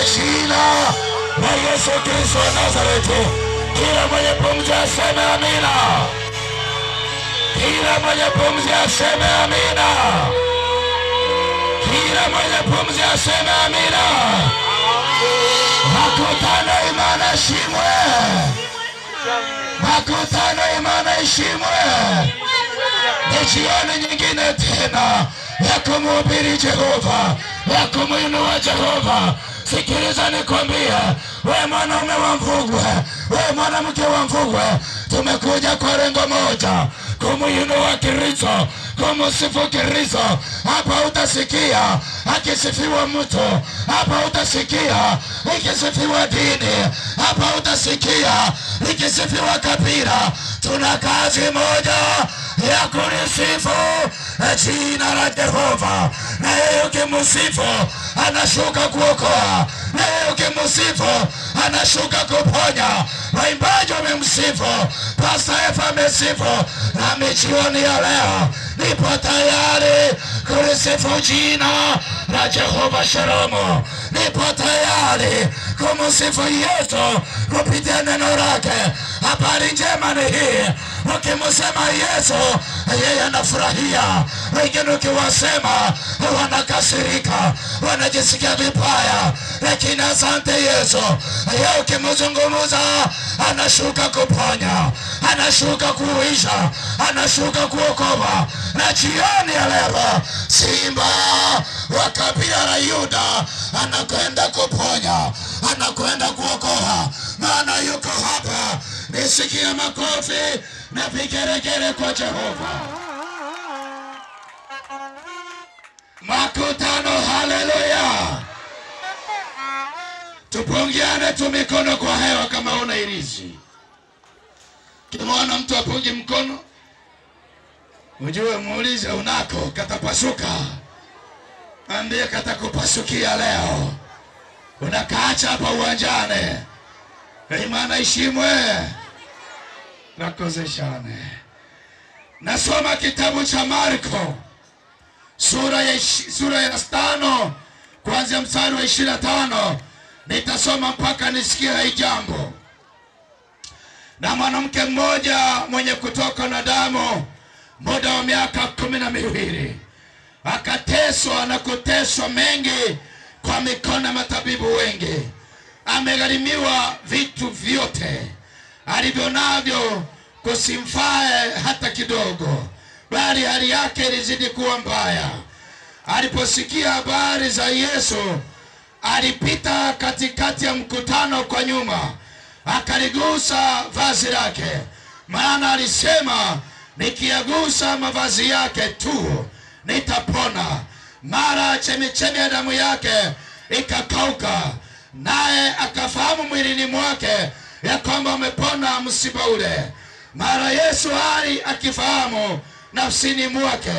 kwa jina la Yesu Kristo wa Nazareti. Kila mwenye pumzi aseme amina. Kila mwenye pumzi aseme amina. Kila mwenye pumzi aseme amina. Makutano imana shimwe, makutano imana ishimwe. Ni jioni nyingine tena ya kumhubiri Jehova, ya kumwinua Jehova Sikiliza nikwambie, we mwanaume wa Mvugwe, we mwanamke wa Mvugwe, tumekuja kwa lengo moja, kumuinua Kristo, kumusifu Kristo. Hapa utasikia akisifiwa mtu, hapa utasikia ikisifiwa dini, hapa utasikia ikisifiwa kabila. Tuna kazi moja ya kulisifu eh, jina la Jehova. Na yeye ukimusifu anashuka kuokoa, na yeye ukimusifu anashuka kuponya. Waimbaji wamemsifu, Pasta Efa amesifu, na michioni ya leo nipo tayari kulisifu jina la Jehova Shalomu. Nipo tayari kumusifu Yesu kupitia neno lake. Habari njema ni hii Ukimsema Yesu yeye anafurahia. Wengine ukiwasema wanakasirika, wanajisikia vibaya, lakini asante Yesu, yeye ukimzungumza anashuka kuponya, anashuka kuisha, anashuka kuokoa. Na jioni ya leo simba wa kabila la Yuda anakwenda kuponya, anakwenda kuokoa, maana yuko hapa. Nisikie makofi na vigeregere kwa Jehova. Makutano, haleluya! Tupungiane tu mikono kwa hewa kama una irizi. Kimwona mtu apungi mkono, ujue muulize unako katapasuka, ambie katakupasukia leo. Unakaacha hapa uwanjane, imana ishimwe Nakozeshane. Nasoma kitabu cha Marko sura ya sura ya tano kuanzia mstari wa ishirini na tano nitasoma mpaka nisikie hii jambo. Na mwanamke mmoja mwenye kutoka na damu muda wa miaka kumi na miwili akateswa na kuteswa mengi kwa mikono ya matabibu wengi, amegharimiwa vitu vyote alivyo navyo kusimfae hata kidogo, bali hali yake ilizidi kuwa mbaya. Aliposikia habari za Yesu, alipita katikati ya mkutano kwa nyuma, akaligusa vazi lake, maana alisema, nikiyagusa mavazi yake tu nitapona. Mara chemichemi ya damu yake ikakauka, naye akafahamu mwilini mwake ya kwamba umepona msiba ule. Mara Yesu hali akifahamu nafsini mwake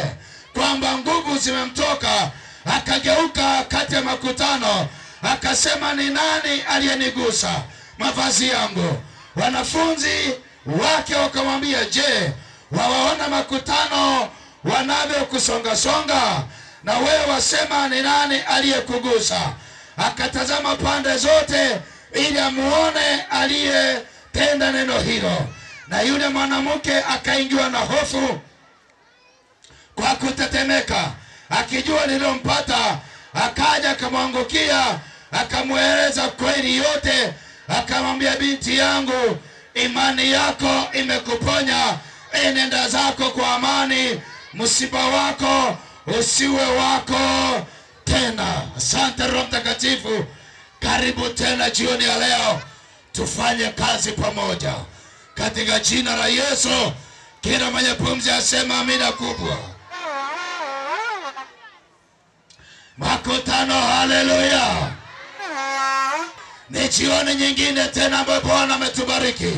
kwamba nguvu zimemtoka, akageuka kati ya makutano, akasema ni nani aliyenigusa mavazi yangu? Wanafunzi wake wakamwambia, je, wawaona makutano wanavyokusongasonga na wewe wasema ni nani aliyekugusa? Akatazama pande zote ili amuone aliyetenda neno hilo. Na yule mwanamke akaingiwa na hofu kwa kutetemeka, akijua lililompata, akaja akamwangukia, akamweleza kweli yote, akamwambia, binti yangu, imani yako imekuponya, enenda zako kwa amani, msiba wako usiwe wako tena. Asante Roho Mtakatifu. Karibu tena jioni ya leo, tufanye kazi pamoja katika jina la Yesu. Kila mwenye pumzi asema amina kubwa. Makutano, haleluya! Ni jioni nyingine tena ambayo Bwana ametubariki.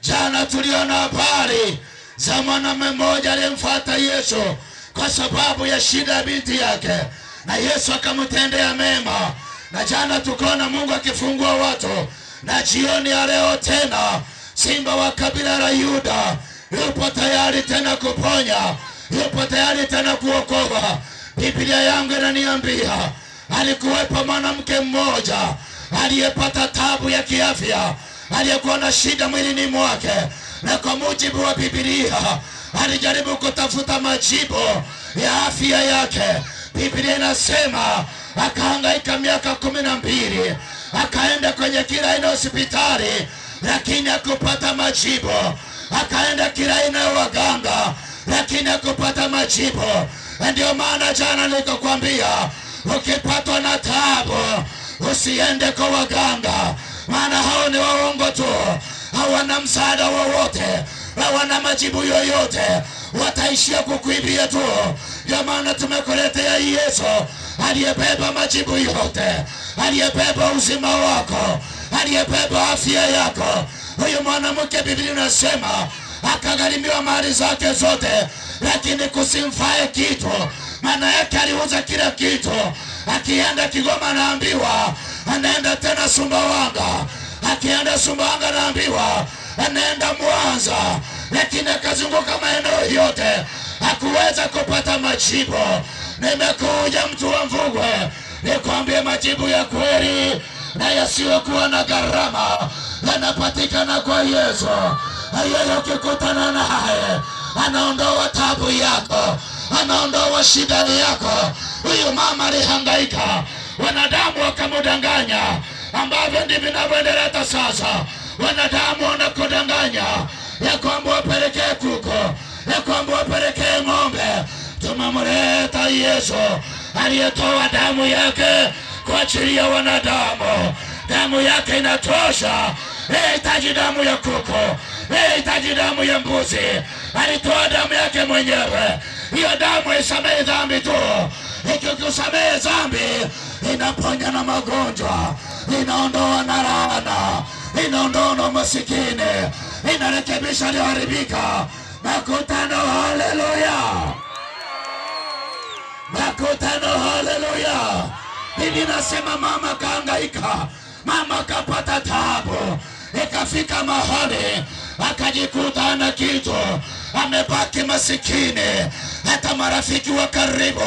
Jana tuliona habari za mwanamume mmoja aliyemfuata Yesu kwa sababu ya shida ya binti yake, na Yesu akamtendea mema na jana tukaona Mungu akifungua watu, na jioni ya leo tena simba wa kabila la Yuda yupo tayari tena kuponya, yupo tayari tena kuokoa. Biblia yangu inaniambia alikuwepo mwanamke mmoja aliyepata tabu ya kiafya, aliyekuwa na shida mwilini mwake, na kwa mujibu wa Biblia alijaribu kutafuta majibu ya afya yake. Biblia inasema akahangaika miaka kumi na mbili akaenda kwenye kila aina hospitali, lakini akupata majibu. Akaenda kila aina ya waganga, lakini akupata majibu. Ndio maana jana nilikokwambia ukipatwa na tabu usiende kwa waganga, maana hao ni waongo tu, hawana msaada wowote, hawana majibu yoyote, wataishia kukuibia tu. Ndio maana tumekuletea Yesu aliyebeba majibu yote, aliyebeba uzima wako, aliyebeba afya yako. Huyu mwanamke Biblia inasema akagharimiwa mali zake zote, lakini kusimfae kitu. Maana yake aliuza kila kitu, akienda Kigoma naambiwa anaenda tena Sumbawanga, akienda Sumbawanga naambiwa anaenda Mwanza, lakini akazunguka maeneo yote hakuweza kupata majibu nimekuja mtu wa mvugwe nikwambie majibu ya kweli na yasiyokuwa na gharama yanapatikana kwa Yesu. Yeye ukikutana naye anaondoa tabu yako, anaondoa shida yako. Huyu mama alihangaika, wanadamu wakamudanganya, ambavyo ndi vinavyoendelea sasa. Wanadamu wanakudanganya ya kwamba wapelekee kuko, ya kwamba tunamleta Yesu aliyetoa damu yake kwa ajili ya wanadamu. Damu yake inatosha. Hahitaji damu ya kuku, hahitaji damu ya mbuzi. Alitoa damu yake mwenyewe. Hiyo damu isamehe dhambi tu. Ikikusamehe dhambi, inaponya na magonjwa, inaondoa na laana, inaondoa na masikini, inarekebisha lioharibika na kutano. Haleluya! makutano. Haleluya! Mimi nasema mama kaangaika, mama kapata taabu, ikafika mahali akajikuta ana kitu amebaki masikini, hata marafiki wa karibu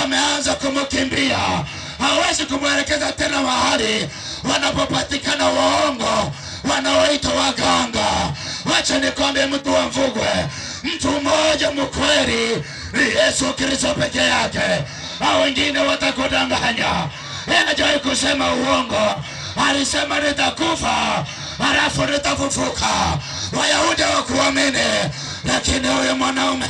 wameanza kumkimbia, hawezi kumwelekeza tena mahali wanapopatikana waongo wanaoita waganga. Wacha nikwambie, mtu wa Mvugwe, mtu mmoja mkweli ni Yesu Kristo peke yake, au wengine watakudanganya. Hajawahi kusema uongo, alisema nitakufa halafu nitafufuka, Wayahudi wakuamini. Lakini huyo mwanaume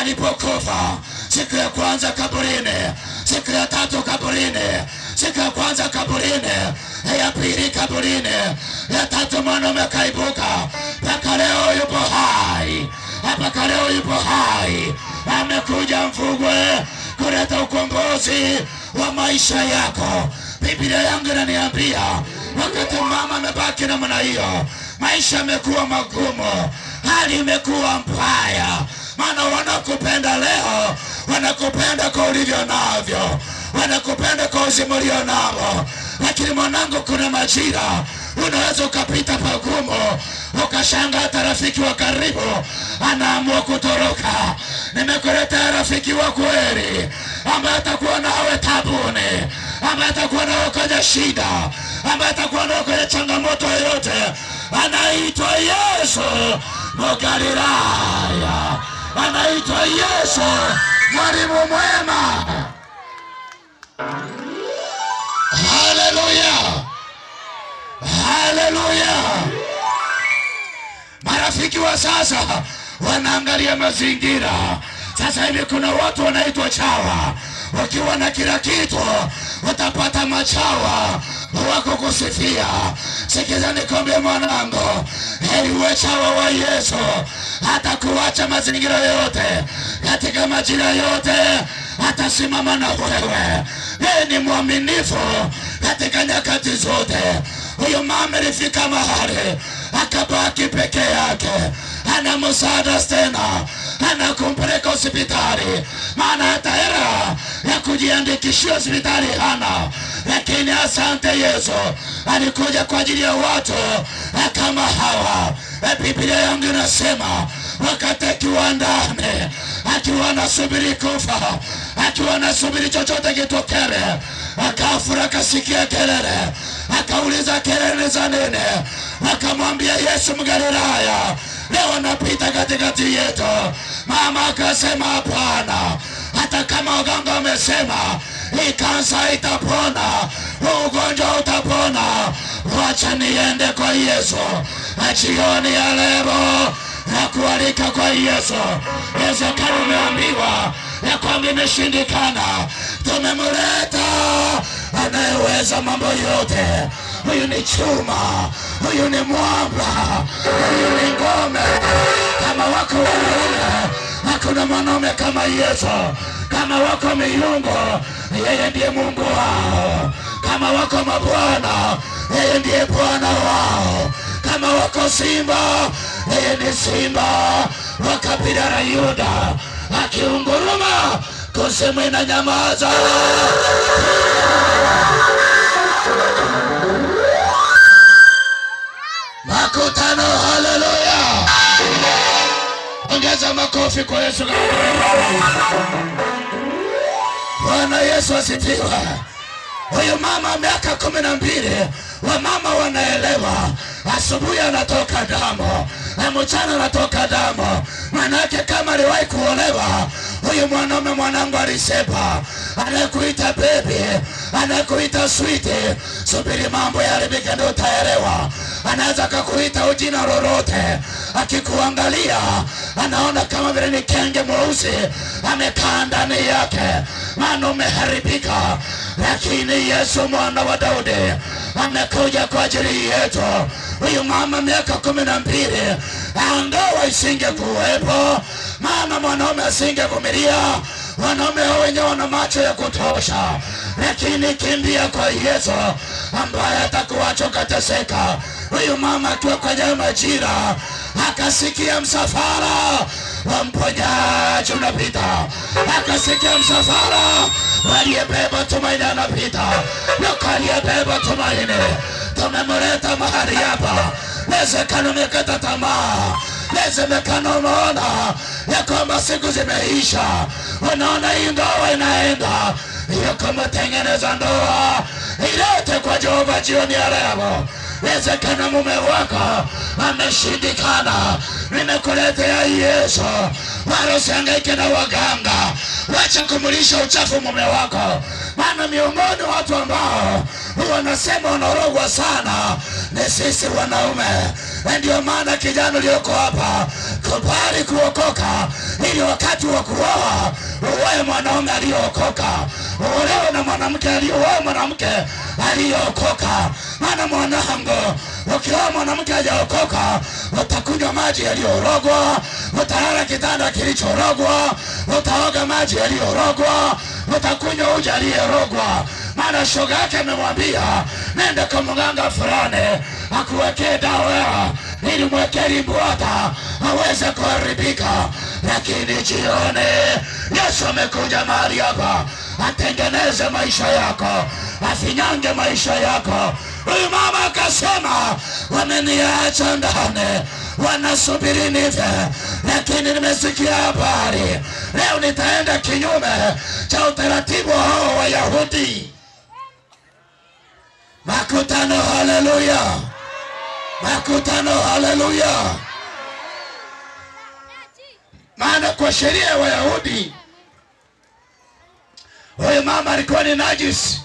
alipokufa siku ya kwanza kaburini, siku ya tatu kaburini, siku ya kwanza kaburini, ya pili kaburini, ya tatu mwanaume kaibuka, mpaka leo yupo hai mpaka leo ipo hai. Amekuja Mfugwe kuleta ukombozi wa maisha yako. Biblia yangu inaniambia wakati mama amebaki namna hiyo, maisha yamekuwa magumu, hali imekuwa mbaya, maana wanakupenda leo, wanakupenda kwa ulivyo navyo, wanakupenda kwa uzima ulio nao. Lakini mwanangu, kuna majira unaweza ukapita pagumu ukashanga hata rafiki wa karibu anaamua kutoroka. Nimekuletea rafiki wa kweli ambaye atakuwa nawe tabuni, ambaye atakuwa nawe kwenye shida, ambaye atakuwa nawe kwenye changamoto yoyote. Anaitwa Yesu Mugaliraya, anaitwa Yesu mwalimu mwema. Haleluya, haleluya. Marafiki wa sasa wanaangalia mazingira. Sasa hivi kuna watu wanaitwa chawa, wakiwa na kila kitu watapata machawa wako kusifia. Sikiza nikwambie mwanangu, heri uwe chawa wa Yesu, hata kuacha mazingira yote, katika majira yote atasimama na wewe. Yeye ni mwaminifu katika nyakati zote. Huyo mama alifika mahali akabaki peke yake, ana msaada tena, kumpeleka hospitali, maana hata hela ya kujiandikishia hospitali hana. Lakini asante Yesu, alikuja kwa ajili ya watu kama hawa. E, Biblia yangu inasema wakati akiwa ndani, akiwa anasubiri kufa, akiwa anasubiri chochote kitokere akafura, akasikia kelele, akauliza kelele za nini? akamwambia Yesu Mgalilaya, leo napita katikati yetu. Mama akasema hapana, hata kama waganga wamesema hii kansa itapona, huu ugonjwa utapona, wacha niende kwa Yesu. Achioni ya leo na kualika kwa Yesu. kani umeambiwa ya kwamba imeshindikana, tumemuleta anayeweza mambo yote huyu ni chuma, huyu ni mwamba, huyu ni ngome. Kama wako wanaume, hakuna mwanaume kama Yesu. Kama wako miungu, yeye ndiye Mungu wao. Kama wako mabwana, yeye ndiye Bwana wao. Kama wako simba, yeye ni simba wa kabila la Yuda, akiunguruma na nyamaza Makutano, haleluya! Ongeza makofi kwa Yesu. Bwana Yesu asifiwe. Huyu mama miaka kumi na mbili, wamama wanaelewa. Asubuhi anatoka damo na mchana natoka damu. Manake kama aliwahi kuolewa huyu mwanaume, mwanangu alisepa, anakuita bebi, anakuita switi, subiri mambo yaharibike ndio utaelewa. Anaweza akakuita ujina lolote, akikuangalia anaona kama vile ni kenge mweusi amekaa ndani yake, maana umeharibika. Lakini Yesu mwana wa Daudi amekuja kwa ajili yetu. Huyu mama miaka kumi na mbili, angawa isinge kuwepo, mama mwanaume asingevumilia wanaume wenye wana macho ya kutosha, lakini kimbia kwa Yesu ambaye atakuacha ukateseka. Huyu mama akiwa kwenye majira akasikia msafara wakati unapita, akasikia msafara, waliyebeba tumaini anapita, nyoka aliyebeba tumaini. Tumemleta mahali hapa, wezekana umekata tamaa Inawezekana umeona ya kwamba siku zimeisha, unaona hii ndoa inaenda hiyo, kama ndoa ilete kwa Jehova jioni ya leo. Inawezekana mume wako ameshindikana, nimekuletea Yesu wala usihangaike na waganga. Wacha kumulisha uchafu mume wako, maana miongoni watu ambao wanasema wanaorogwa sana ni sisi wanaume. Ndio maana kijana ulioko hapa, kubali kuokoka, ili wakati wa kuoa uwe mwanaume aliyookoka, uolewe na mwanamke aliyooa, mwanamke aliyookoka. Maana mwanangu, ukioa mwanamke hajaokoka, utakunywa maji yaliyorogwa utalala kitanda kilichorogwa, utaoga maji yaliyorogwa, utakunywa uji aliyerogwa. Maana shoga yake amemwambia nenda kwa mganga fulani akuwekee dawa ili mwekee limbwata aweze kuharibika. Lakini jione, Yesu amekuja mahali hapa atengeneze maisha yako, afinyange maisha yako. Huyu mama akasema, wameniacha ndani wanasubiri nife, lakini nimesikia habari leo nitaenda kinyume cha utaratibu hao Wayahudi. Makutano, haleluya! Makutano, haleluya! Maana kwa sheria ya Wayahudi huyu mama alikuwa ni najisi.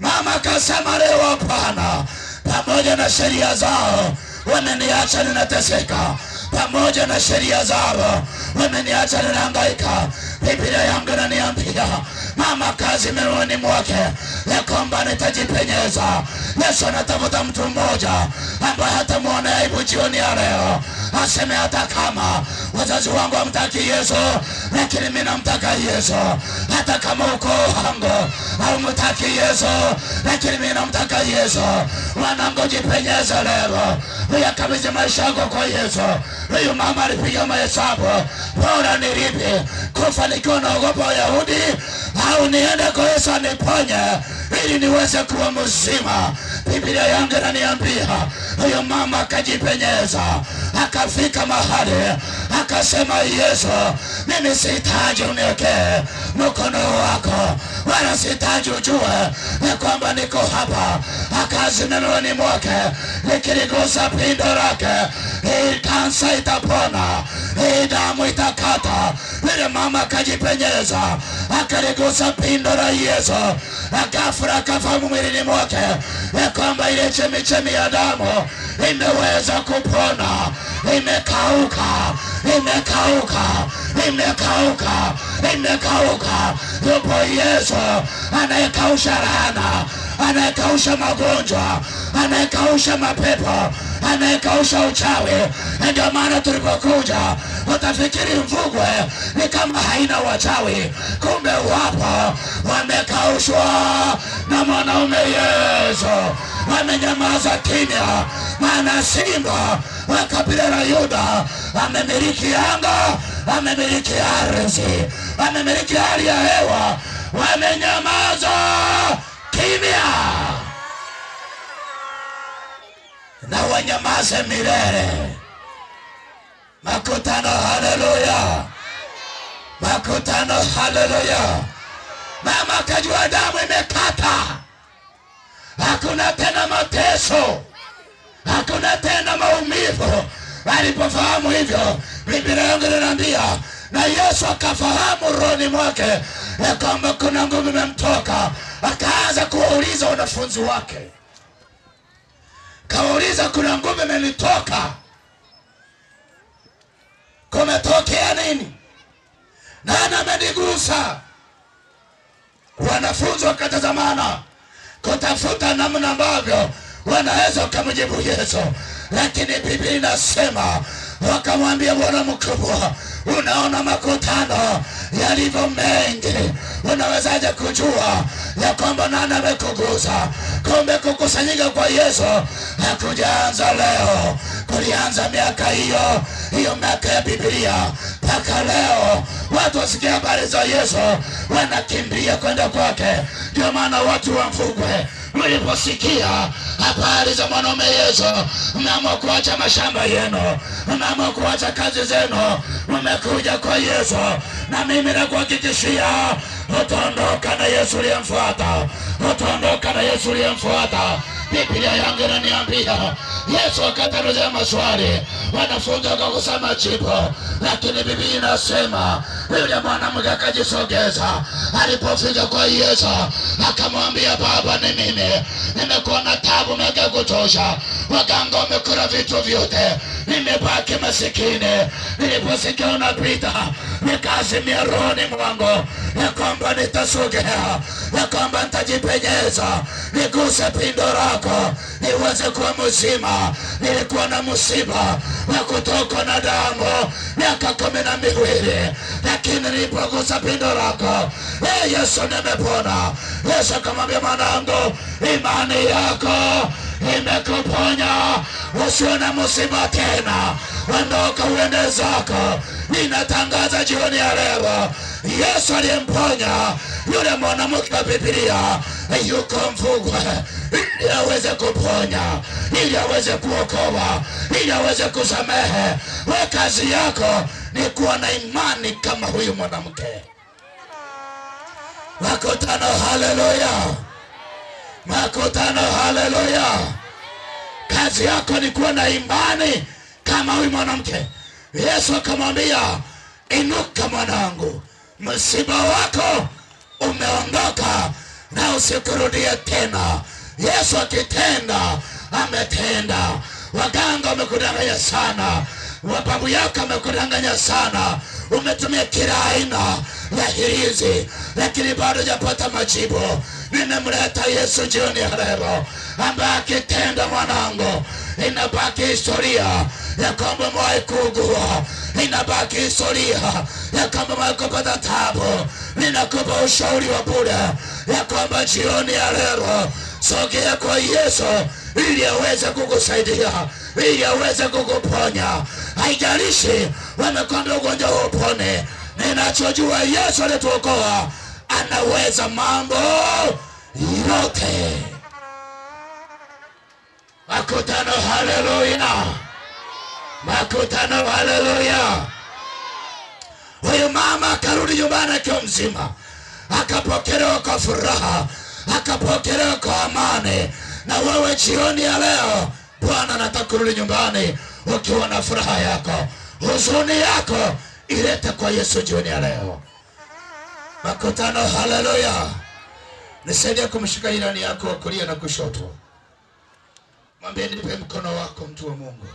Mama akasema leo hapana, pamoja na sheria zao wameniacha ninateseka, pamoja na sheria zao wameniacha ninaangaika. Biblia yangu inaniambia mama kazi mioyoni mwake ya kwamba nitajipenyeza. Yesu anatafuta mtu mmoja ambaye hatamwona aibu jioni ya leo aseme hata kama wazazi wangu wamtaki Yesu, lakini mimi namtaka Yesu. Hata kama uko wangu haumtaki Yesu, lakini mimi namtaka Yesu. Wanangu, jipenyeze leo, uyakabidhi maisha yako kwa Yesu. Huyu mama alipiga mahesabu, bora nilipi kufa nikiwa naogopa Wayahudi au niende kwa Yesu aniponye ili niweze kuwa mzima. Biblia yangu inaniambia huyo mama akajipenyeza akafika mahali akasema, Yesu, mimi sihitaji uniwekee mkono wako, wala sihitaji ujue ya kwamba niko hapa. Akazi mdomoni mwake likiligusa pindo lake, hii kansa itapona, hii damu itakata. Vile mama akajipenyeza, akaligusa pindo la Yesu, akafura akafahamu mwilini mwake ya kwamba ile chemichemi ya damu imeweza kupona imekauka, imekauka, imekauka, imekauka. Yupo Yesu anayekausha laana, anayekausha magonjwa, anayekausha mapepo, anayekausha uchawi. Ndio maana tulipokuja utafikiri Mvugwe ni kama haina wachawi, kumbe wapo, wamekaushwa na mwanaume Yesu wamenyamaza kimya, maana simba wa kabila la Yuda amemiliki anga, amemiliki ardhi, amemiliki hali ya hewa, wamenyamaza kimya na wanyamaze milele. Makutano, haleluya! Makutano, haleluya! Mama kajua damu imekata hakuna tena mateso, hakuna tena maumivu. Alipofahamu hivyo, Biblia yangu inaniambia na Yesu akafahamu rohoni mwake ya kwamba kuna nguvu imemtoka, akaanza kuwauliza wanafunzi wake, kawauliza kuna nguvu imenitoka, kumetokea nini? Nani amenigusa? Wanafunzi wakatazamana kutafuta namna ambavyo wanaweza kumjibu Yesu, lakini Biblia inasema wakamwambia Bwana mkubwa, unaona makutano yalivyo mengi, unawezaje kujua ya kwamba nani amekugusa? Kumbe kukusanyika kwa Yesu hakujaanza leo, kulianza miaka hiyo hiyo, miaka ya Biblia mpaka leo. Watu wasikia habari za Yesu wanakimbia kwenda kwake. Ndio maana watu wamfugwe mliposikia habari za mwanaume Yesu, mmeamua kuacha mashamba yenu, mmeamua kuacha kazi zenu, mmekuja kwa Yesu. Na mimi nakuhakikishia utaondoka na Yesu uliyemfuata, utaondoka na Yesu uliyemfuata. Biblia yangu inaniambia Yesu akatulizia maswali, wanafunzi wakakosa majibu, lakini Biblia inasema yule mwanamke akajisogeza, alipofika kwa Yesu akamwambia, Baba, ni mimi, nimekuwa na tabu mega kutosha, waganga wamekula vitu vyote, nimebaki masikini. Niliposikia unapita nikazi rohoni mwangu ya kwamba nitasogea, ya kwamba nitajipenyeza niguse pindo lako niweze kuwa mzima. Nilikuwa na msiba wa kutokwa na damu miaka kumi na miwili, lakini nilipogusa pindo lako ee Yesu, nimepona. Yesu akamwambia mwanangu, imani yako imekuponya, usiwe na msiba tena, ondoka uende zako. Ninatangaza jioni ya leo, Yesu aliyemponya yule mwanamke wa Biblia yuko mfugwe ili aweze kuponya, ili aweze kuokoa, ili aweze kusamehe. We kazi yako ni kuwa na imani kama huyu mwanamke. Wakutano, haleluya! makutano. Haleluya! Kazi yako ni kuwa na imani kama huyu mwanamke. Yesu akamwambia, inuka mwanangu, msiba wako umeondoka na usikurudie tena. Yesu akitenda ametenda. Waganga wamekudanganya sana, wababu yako amekudanganya sana, umetumia kila aina ya hirizi, lakini bado hujapata majibu. Nimemleta Yesu jioni ya leo, ambaye akitenda mwanangu, inabaki historia ya kwamba mwahi kuugua, inabaki historia ya kwamba mwahi kupata tabu. Ninakupa ushauri wa bure ya kwamba jioni ya leo sogea kwa Yesu ili aweze kukusaidia ili aweze kukuponya. Haijalishi wamekonda ugonjwa huu upone, ninachojua Yesu alituokoa, anaweza mambo irote makutano. Haleluya, makutano. Haleluya. Huyu mama akarudi nyumbani akiwa mzima, akapokelewa kwa furaha, akapokelewa kwa amani. Na wewe jioni ya leo, Bwana anataka kurudi nyumbani ukiwa na furaha yako, huzuni yako ilete kwa Yesu jioni ya leo. Makutano, haleluya. Nisaidia kumshika ilani yako wa kulia na kushoto, mwambie nipe mkono wako, mtu wa Mungu.